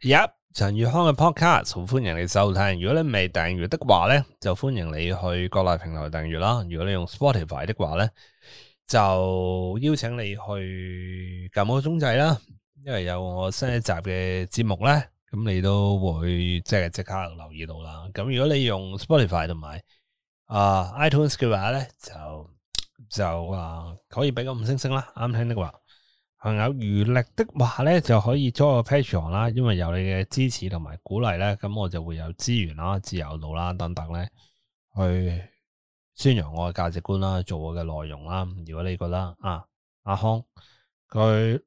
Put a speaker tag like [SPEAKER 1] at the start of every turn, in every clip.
[SPEAKER 1] Yep，陳宇康嘅 podcast，好歡迎你收聽。如果你未訂閱的話咧，就歡迎你去各大平台訂閱啦。如果你用 Spotify 的話咧，就邀請你去撳個鐘掣啦，因為有我新一集嘅節目咧，咁你都會即係即刻留意到啦。咁如果你用 Spotify 同埋啊 iTunes 嘅話咧，就就啊可以俾個五星星啦，啱聽的話。有餘力的話咧，就可以租一個 patreon 啦，因為有你嘅支持同埋鼓勵咧，咁我就會有資源啦、自由度啦等等咧，去宣揚我嘅價值觀啦，做我嘅內容啦。如果你覺得啊，阿康佢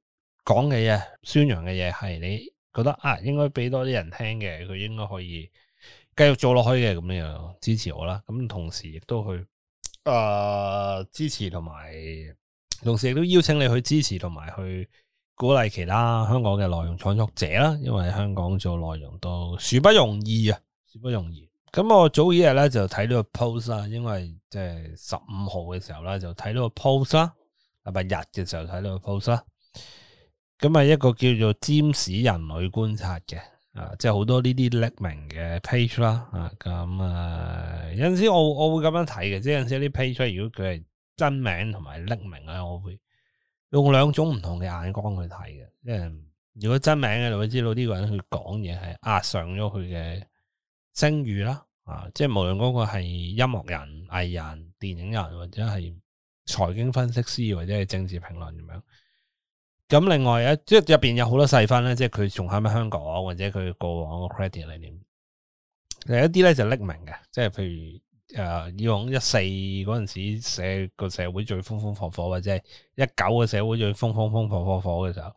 [SPEAKER 1] 講嘅嘢、宣揚嘅嘢係你覺得啊，應該俾多啲人聽嘅，佢應該可以繼續做落去嘅咁樣，支持我啦。咁同時亦都去誒支持同埋。同時亦都邀請你去支持同埋去鼓勵其他香港嘅內容創作者啦，因為香港做內容都殊不容易啊，殊不容易。咁我早幾日咧就睇到個 post 啦，因為即係十五號嘅時候咧就睇到個 post 啦，星期日嘅時候睇到個 post 啦，咁啊一個叫做占士人類觀察嘅啊，即係好多呢啲匿名嘅 page 啦啊，咁、嗯、啊有陣時我我會咁樣睇嘅，即係有陣時啲 page 如果佢係。真名同埋匿名咧，我會用兩種唔同嘅眼光去睇嘅。即係如果真名嘅，你會知道呢個人佢講嘢係壓上咗佢嘅聲譽啦。啊，即係無論嗰個係音樂人、藝人、電影人，或者係財經分析師，或者係政治評論咁樣。咁另外一即係入邊有好多細分咧，即係佢仲喺唔喺香港，或者佢過往嘅 credit 係點？有一啲咧就匿名嘅，即係譬如。誒，以往、uh, 一四嗰陣時，社個社會最風風火火，或者係一九嘅社會最風風風火火火嘅時候，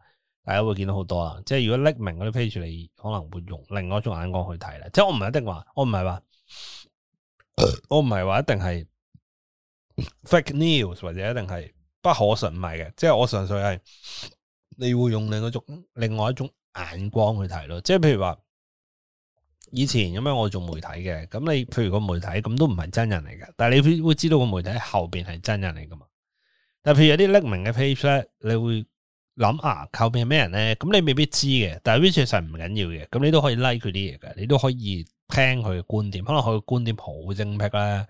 [SPEAKER 1] 大家會見到好多啦。即係如果匿名嗰啲 page，你可能會用另外一種眼光去睇啦。即係我唔一定話，我唔係話， 我唔係話一定係 fake news 或者一定係不可信，唔係嘅。即係我純粹係你會用另一種另外一種眼光去睇咯。即係譬如話。以前咁樣我做媒體嘅，咁你譬如個媒體咁都唔係真人嚟嘅，但係你會知道個媒體後邊係真人嚟噶嘛？但係譬如有啲匿名嘅 page 咧，你會諗啊，靠邊係咩人咧？咁你未必知嘅，但係 which is 唔緊要嘅，咁你都可以 like 佢啲嘢嘅，你都可以聽佢嘅觀點，可能佢嘅觀點好精辟啦。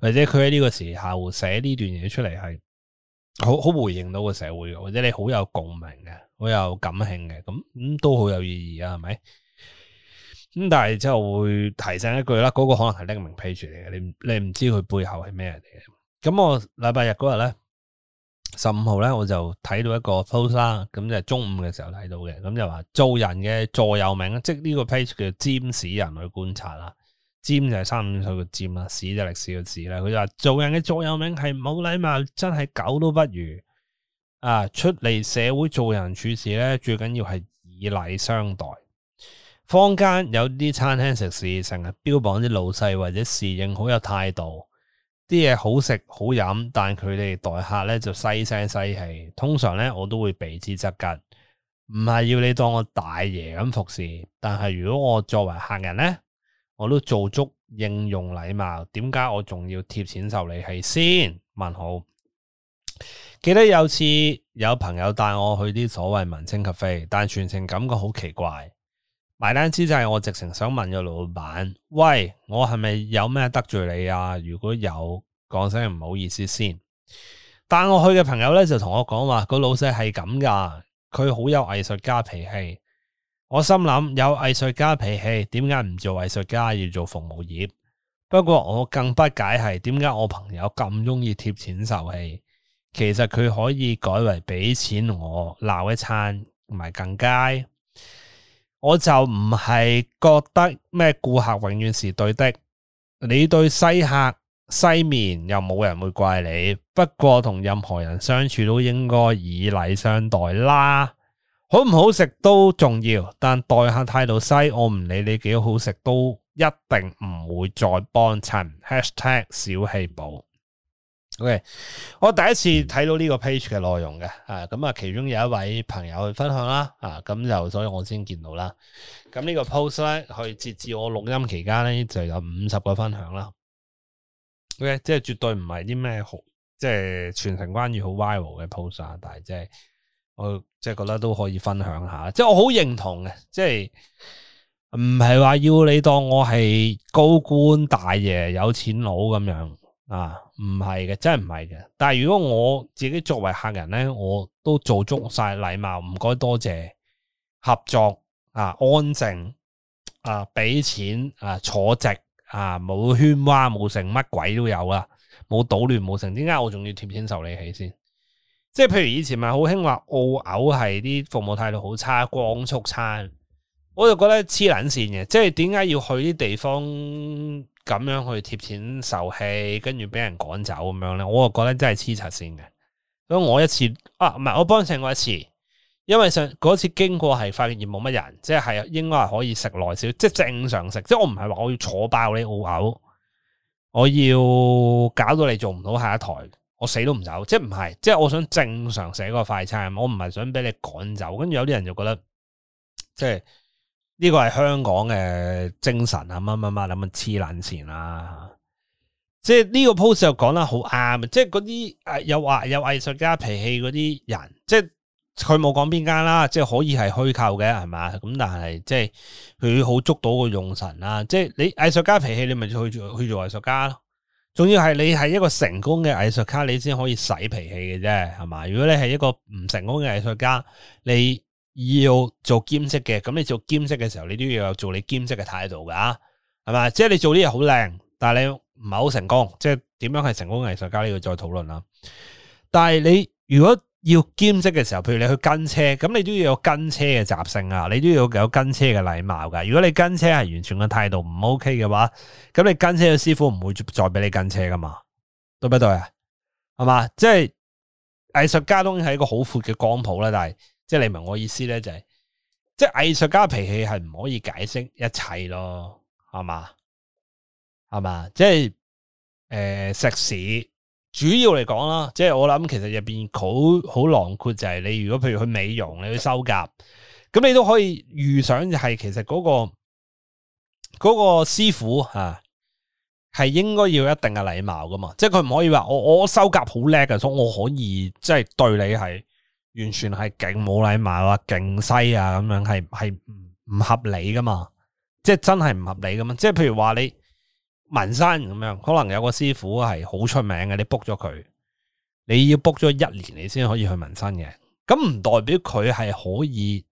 [SPEAKER 1] 或者佢喺呢個時候寫呢段嘢出嚟係好好回應到個社會嘅，或者你好有共鳴嘅，好有感興嘅，咁咁、嗯、都好有意義啊？係咪？咁但係之後會提醒一句啦，嗰個可能係匿名 page 嚟嘅，你唔你唔知佢背後係咩嚟嘅。咁我禮拜日嗰日咧，十五號咧，我就睇到一個 post 啦，咁就係中午嘅時候睇到嘅，咁就話做人嘅座右銘，即係呢個 page 叫尖史人去觀察啦，尖就係三五歲嘅尖啦，史就歷史嘅史啦。佢就話做人嘅座右銘係冇禮貌，真係狗都不如。啊！出嚟社會做人處事咧，最緊要係以禮相待。坊間有啲餐廳食肆，成日標榜啲老細或者侍應好有態度，啲嘢好食好飲，但佢哋待客咧就細聲細氣。通常咧我都會避之則吉，唔係要你當我大爺咁服侍。但係如果我作為客人咧，我都做足應用禮貌。點解我仲要貼錢受你氣先？問號。記得有次有朋友帶我去啲所謂文青咖啡，但全程感覺好奇怪。埋單之際，我直情想問個老闆：喂，我係咪有咩得罪你啊？如果有，講聲唔好意思先。但我去嘅朋友咧就同我講話：個老細係咁噶，佢好有藝術家脾氣。我心諗有藝術家脾氣，點解唔做藝術家，要做服務業？不過我更不解係點解我朋友咁鍾意貼錢受氣。其實佢可以改為俾錢我鬧一餐，唔係更佳。我就唔係覺得咩顧客永遠是對的，你對西客西面又冇人會怪你。不過同任何人相處都應該以禮相待啦。好唔好食都重要，但待客態度西，我唔理你幾好食，都一定唔會再幫襯。#小氣寶 OK，我第一次睇到呢個 page 嘅內容嘅，啊咁、嗯、啊，其中有一位朋友去分享啦，啊咁就所以我先見到啦。咁呢個 post 咧，去截至我錄音期間咧，就有五十個分享啦。嗯、OK，即係絕對唔係啲咩好，即係全程關於好 viral 嘅 post 啊，但係即係我即係覺得都可以分享下，即係我好認同嘅，即係唔係話要你當我係高官大爺、有錢佬咁樣。啊，唔係嘅，真唔係嘅。但係如果我自己作為客人咧，我都做足晒禮貌，唔該多謝合作，啊安靜，啊俾錢，啊坐席，啊冇喧嘩冇成乜鬼都有啦，冇搗亂冇成，點解我仲要貼錢受你氣先？即係譬如以前咪好興話澳牛係啲服務態度好差，光速餐，我就覺得黐捻線嘅。即係點解要去啲地方？咁樣去貼錢受氣，跟住俾人趕走咁樣咧，我就覺得真係黐柒線嘅。咁我一次啊，唔係我幫襯過一次，因為上次經過係發現業冇乜人，即係應該係可以食耐少，即係正常食。即係我唔係話我要坐爆你澳口，我要搞到你做唔到下一台，我死都唔走。即係唔係，即係我想正常食個快餐，我唔係想俾你趕走。跟住有啲人就覺得即係。呢個係香港嘅精神啊！乜乜乜諗咁黐撚線啦！即係呢個 post 又講得好啱啊！即係嗰啲誒，又話有藝術家脾氣嗰啲人，即係佢冇講邊間啦，即係可以係虛構嘅係嘛？咁但係即係佢好捉到個用神啦！啊！即係你藝術家脾氣，你咪去去做藝術家咯。仲要係你係一個成功嘅藝術家，你先可以洗脾氣嘅啫，係嘛？如果你係一個唔成功嘅藝術家，你。要做兼職嘅，咁你做兼職嘅時候，你都要有做你兼職嘅態度噶，係嘛？即係你做啲嘢好靚，但係你唔係好成功，即係點樣係成功藝術家呢？度再討論啦。但係你如果要兼職嘅時候，譬如你去跟車，咁你都要有跟車嘅習性啊，你都要有跟車嘅禮貌噶。如果你跟車係完全嘅態度唔 OK 嘅話，咁你跟車嘅師傅唔會再俾你跟車噶嘛？對不對啊？係嘛？即係藝術家當然係一個好闊嘅光譜啦，但係。即係你明我意思咧？就係、是、即係藝術家脾氣係唔可以解釋一切咯，係嘛係嘛，即係誒食肆主要嚟講啦，即係我諗其實入邊好好囊括就係你如果譬如去美容，你去修甲，咁你都可以預想就係其實嗰，那個嗰，那個師傅啊，係應該要一定嘅禮貌噶嘛，即係佢唔可以話我我修甲好叻啊，所以我可以即係對你係。完全係勁冇禮貌啊，勁西啊，咁樣係係唔合理噶嘛？即係真係唔合理噶嘛？即係譬如話你紋身咁樣，可能有個師傅係好出名嘅，你 book 咗佢，你要 book 咗一年你先可以去紋身嘅。咁唔代表佢係可以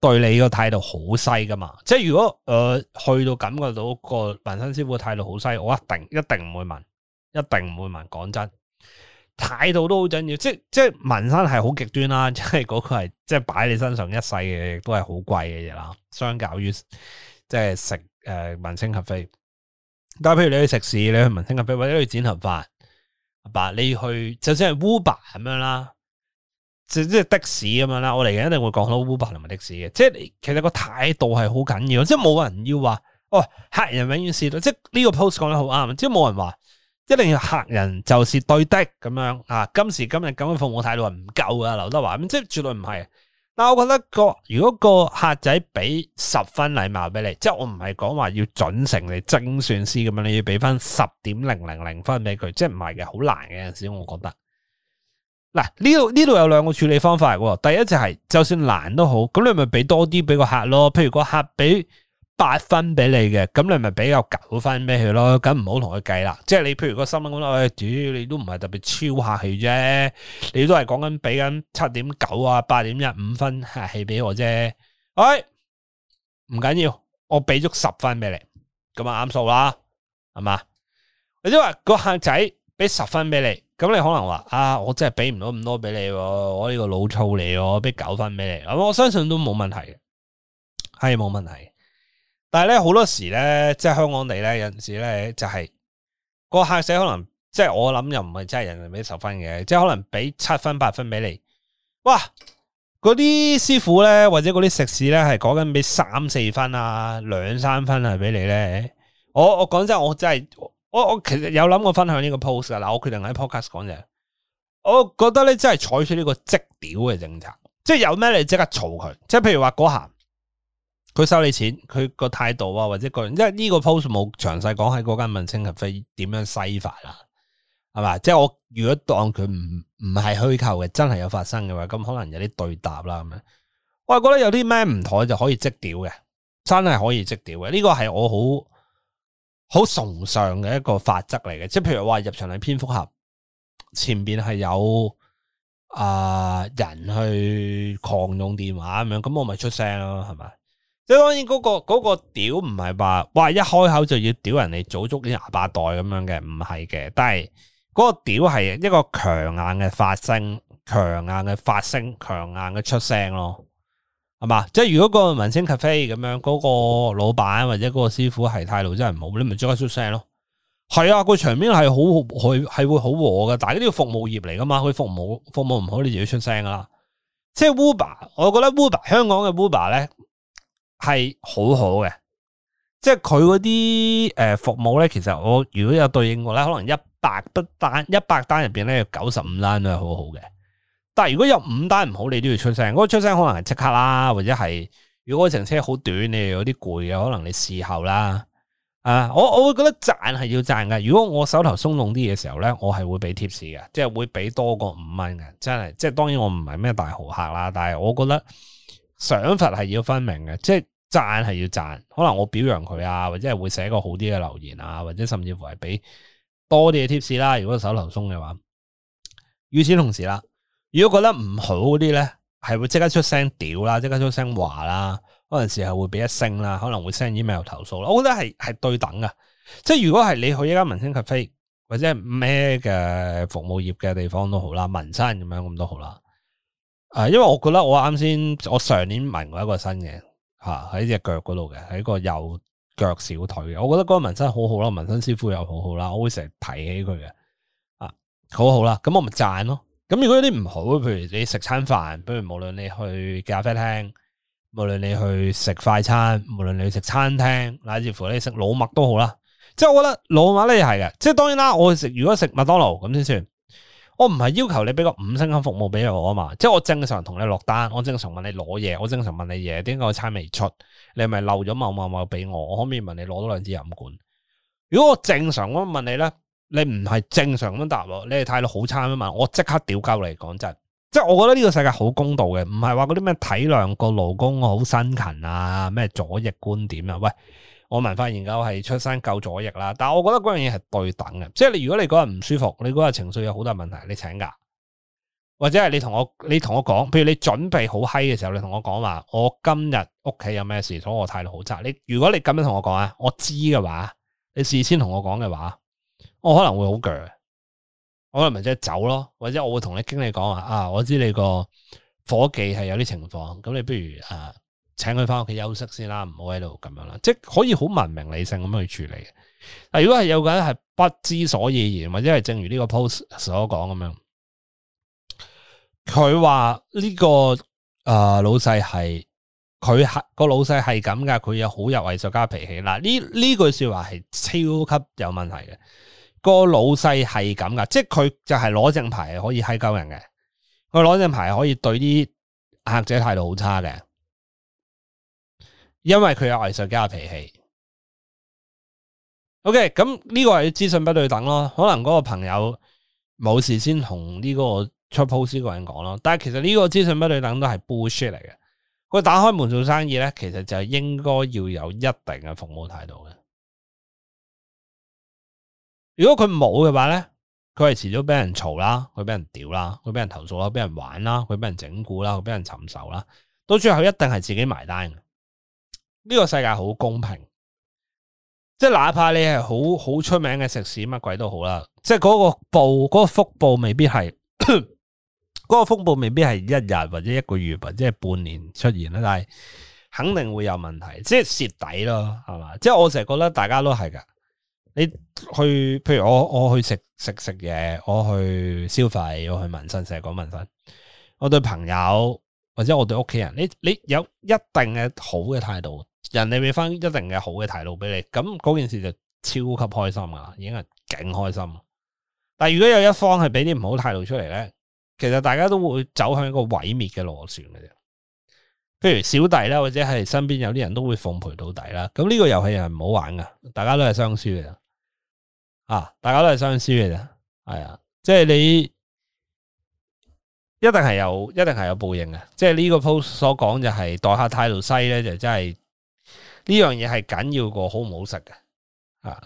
[SPEAKER 1] 對你個態度好西噶嘛？即係如果誒、呃、去到感覺到個紋身師傅態度好西，我一定一定唔會紋，一定唔會紋。講真。態度都好重要，即係即係紋身係好極端啦，即係嗰個係即係擺喺你身上一世嘅，亦都係好貴嘅嘢啦。相較於即係食誒、呃、文青咖啡，但係譬如你去食肆，你去文青咖啡，或者去剪頭髮，阿爸你去，就算係 Uber 咁樣啦，即係、就是、的士咁樣啦，我嚟嘅，一定會講到 Uber 同埋的士嘅。即係其實個態度係好緊要，即係冇人要話，哦，客人永遠是對」，即係呢個 post 講得好啱，即係冇人話。一定要客人就是對的咁樣啊！今時今日咁樣服務態度係唔夠啊！劉德華咁即係絕對唔係。但我覺得個如果個客仔俾十分禮貌俾你，即係我唔係講話要準成你精算師咁樣，你要俾翻十點零零零分俾佢，即係唔係嘅好難嘅。有陣時我覺得嗱，呢度呢度有兩個處理方法。第一就係就算難都好，咁你咪俾多啲俾個客咯。譬如個客俾。八分俾你嘅，咁你咪俾夠九分俾佢咯。咁唔好同佢計啦。即係你譬如個新聞講啦，誒，主要你都唔係特別超客氣啫。你都係講緊俾緊七點九啊，八點一五分客氣俾我啫。誒、哎，唔緊要，我俾足十分俾你，咁啊啱數啦，係嘛？你或者話個客仔俾十分俾你，咁你可能話啊，我真係俾唔到咁多俾你，我呢個老粗你我俾九分俾你，咁我相信都冇問題嘅，係冇問題。但係咧，好多時咧，即係香港地咧，有陣時咧就係、是、個客社可能，即係我諗又唔係真係人人俾十分嘅，即係可能俾七分、八分俾你。哇！嗰啲師傅咧，或者嗰啲食肆咧，係講緊俾三四分啊、兩三分啊俾你咧。我我講真，我真係我我其實有諗過分享呢個 post 啊。嗱，我決定喺 podcast 講嘢，我覺得咧，真係採取呢個即屌嘅政策，即係有咩你即刻嘈佢。即係譬如話嗰行。佢收你錢，佢個態度啊，或者個人，因為呢個 post 冇詳細講喺嗰間文青咖啡點樣西法啦，係嘛？即係我如果當佢唔唔係虛構嘅，真係有發生嘅話，咁可能有啲對答啦咁樣。我係覺得有啲咩唔妥就可以即屌嘅，真係可以即屌嘅。呢個係我好好崇尚嘅一個法則嚟嘅。即係譬如話入場係蝙蝠俠，前邊係有啊人去狂用電話咁樣，咁我咪出聲咯，係嘛？即係當然嗰、那個、那個屌唔係話哇一開口就要屌人哋祖宗十八代咁樣嘅，唔係嘅，但係嗰個屌係一個強硬嘅發聲，強硬嘅發聲，強硬嘅出聲咯，係嘛？即係如果個文青 cafe 咁樣嗰、那個老闆或者嗰個師傅係態度真係唔好，你咪即刻出聲咯。係啊，個場面係好，係係會好和嘅。但係呢啲服務業嚟噶嘛，佢服務服務唔好，你就要出聲啦、啊。即係 Uber，我覺得 Uber 香港嘅 Uber 咧。係好好嘅，即係佢嗰啲誒服務咧。其實我如果有對應過咧，可能一百筆單一百單入邊咧，有九十五單都係好好嘅。但係如果有五單唔好，你都要出聲。我、那個、出聲可能係即刻啦，或者係如果程車好短，你有啲攰嘅，可能你事後啦。啊，我我會覺得賺係要賺嘅。如果我手頭鬆動啲嘅時候咧，我係會俾貼士嘅，即係會俾多過五蚊嘅。真係，即係當然我唔係咩大豪客啦，但係我覺得。想法係要分明嘅，即係讚係要讚，可能我表揚佢啊，或者係會寫個好啲嘅留言啊，或者甚至乎係俾多啲嘅貼士啦。如果手頭鬆嘅話，與此同時啦，如果覺得唔好啲咧，係會即刻出聲屌啦，即刻出聲話啦，嗰陣時候會俾一聲啦，可能會 send email 投訴啦。我覺得係係對等嘅，即係如果係你去一間文青咖啡或者係咩嘅服務業嘅地方都好啦，民生咁樣咁都好啦。啊，因為我覺得我啱先，我上年紋過一個新嘅，吓喺隻腳嗰度嘅，喺個右腳小腿嘅。我覺得嗰個紋身好好啦，紋身師傅又好好啦，我會成日提起佢嘅。啊，好好啦，咁我咪讚咯。咁如果有啲唔好，譬如你食餐飯，譬如無論你去咖啡廳，無論你去食快餐，無論你去食餐廳，乃至乎你食老麥都好啦。即係我覺得老麥咧係嘅，即係當然啦。我會食如果食麥當勞咁先算。我唔係要求你俾個五星級服務俾我啊嘛，即係我正常同你落單，我正常問你攞嘢，我正常問你嘢，點解個餐未出？你係咪漏咗某某某俾我？我可唔可以問你攞多兩支飲管？如果我正常咁問你咧，你唔係正常咁答我，你嘅態度好差啊嘛，我即刻屌鳩你講真，即係我覺得呢個世界好公道嘅，唔係話嗰啲咩體諒個勞工好辛勤啊，咩左翼觀點啊，喂。我文化研究系出身夠左翼啦，但係我覺得嗰樣嘢係對等嘅，即係你如果你嗰日唔舒服，你嗰日情緒有好大問題，你請假，或者係你同我你同我講，譬如你準備好嗨嘅時候，你同我講話，我今日屋企有咩事，所以我態度好差。你如果你咁樣同我講啊，我知嘅話，你事先同我講嘅話，我可能會好攰，我可能咪即係走咯，或者我會同你經理講話啊，啊我知你個伙計係有啲情況，咁你不如啊。請佢翻屋企休息先啦，啊，唔好喺度咁樣啦，啊，即係可以好文明理性咁樣去處理嘅。嗱，如果係有個人係不知所以然，或者係正如呢個 post 所講咁樣，佢話呢個誒、呃、老細係佢係個老細係咁噶，佢又好有藝術家脾氣。嗱，呢呢句說話係超級有問題嘅。個老細係咁噶，即係佢就係攞正牌可以欺鳩人嘅，佢攞正牌可以對啲客者態度好差嘅。因為佢有藝術家脾氣，OK，咁呢個係資訊不對等咯。可能嗰個朋友冇事先同呢個出 post 嗰個人講咯。但係其實呢個資訊不對等都係 bullshit 嚟嘅。佢打開門做生意咧，其實就係應該要有一定嘅服務態度嘅。如果佢冇嘅話咧，佢係遲早俾人嘈啦，佢俾人屌啦，佢俾人投訴啦，佢俾人玩啦，佢俾人整蠱啦，佢俾人尋仇啦，到最後一定係自己埋單嘅。呢個世界好公平，即係哪怕你係好好出名嘅食肆，乜鬼都好啦。即係嗰個暴嗰、嗰個福報未必係， 嗰個風暴未必係一日或者一個月或者係半年出現啦。但係肯定會有問題，即係蝕底咯，係嘛？即係我成日覺得大家都係噶。你去，譬如我我去食食食嘢，我去消費，我去民生，成日講民生。我對朋友或者我對屋企人，你你有一定嘅好嘅態度。人哋俾翻一定嘅好嘅態度俾你，咁嗰件事就超級開心㗎喇，已經係勁開心。但係如果有一方係俾啲唔好態度出嚟咧，其實大家都會走向一個毀滅嘅螺旋嘅啫。譬如小弟啦，或者係身邊有啲人都會奉陪到底啦。咁呢個遊戲係唔好玩噶，大家都係相輸嘅。啊，大家都係相輸嘅，係啊，即係你一定係有，一定係有報應嘅。即係呢個 post 所講就係待客態度西咧，就真係。呢樣嘢係緊要過好唔好食嘅，啊！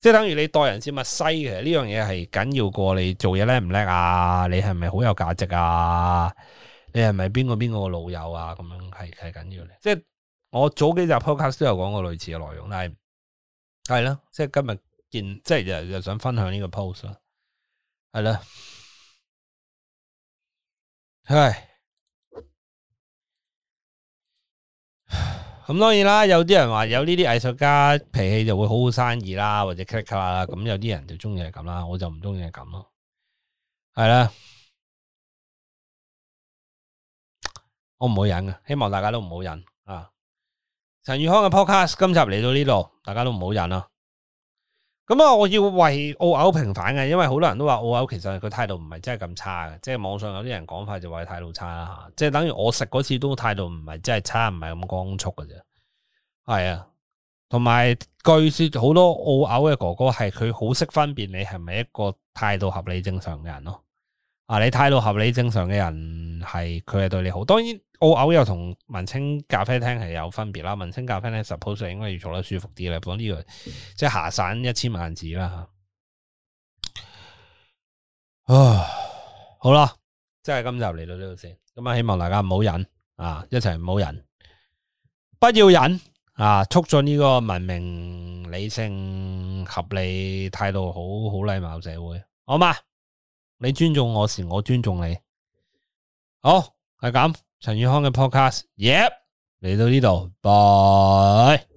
[SPEAKER 1] 即係等於你待人先物西嘅，呢樣嘢係緊要過你做嘢叻唔叻啊？你係咪好有價值啊？你係咪邊個邊個老友啊？咁樣係係緊要嘅。即係我早幾集 Podcast 都有講過類似嘅內容，但係係咯，即係今日見，即係又又想分享呢個 post 咯，係啦，係。咁當然啦，有啲人話有呢啲藝術家脾氣就會好好生意啦，或者 cut cut 啦，咁有啲人就鍾意係咁啦，我就唔鍾意係咁咯。係啦，我唔好忍嘅，希望大家都唔好忍啊！陳宇康嘅 Podcast 今集嚟到呢度，大家都唔好忍啊！咁啊！我要為澳牛平反嘅，因為好多人都話澳牛其實佢態度唔係真係咁差嘅。即係網上有啲人講法就話佢態度差啦，即係等於我食嗰次都態度唔係真係差，唔係咁光速嘅啫。係啊，同埋據說好多澳牛嘅哥哥係佢好識分辨你係咪一個態度合理正常嘅人咯。啊！你態度合理正常嘅人係佢係對你好，當然澳牛又同文青咖啡廳係有分別啦。文青咖啡廳 suppose 應該要坐得舒服啲啦。講呢、這個即係下散一千萬字啦。啊，好啦，即係今日嚟到呢度先。咁啊，希望大家唔好忍啊，一齊唔好忍，不要忍啊！促進呢個文明、理性、合理態度，好好禮貌社會，好嗎？你尊重我時，我尊重你。好，係咁，陳宇康嘅 podcast，Yep，嚟到呢度，Bye。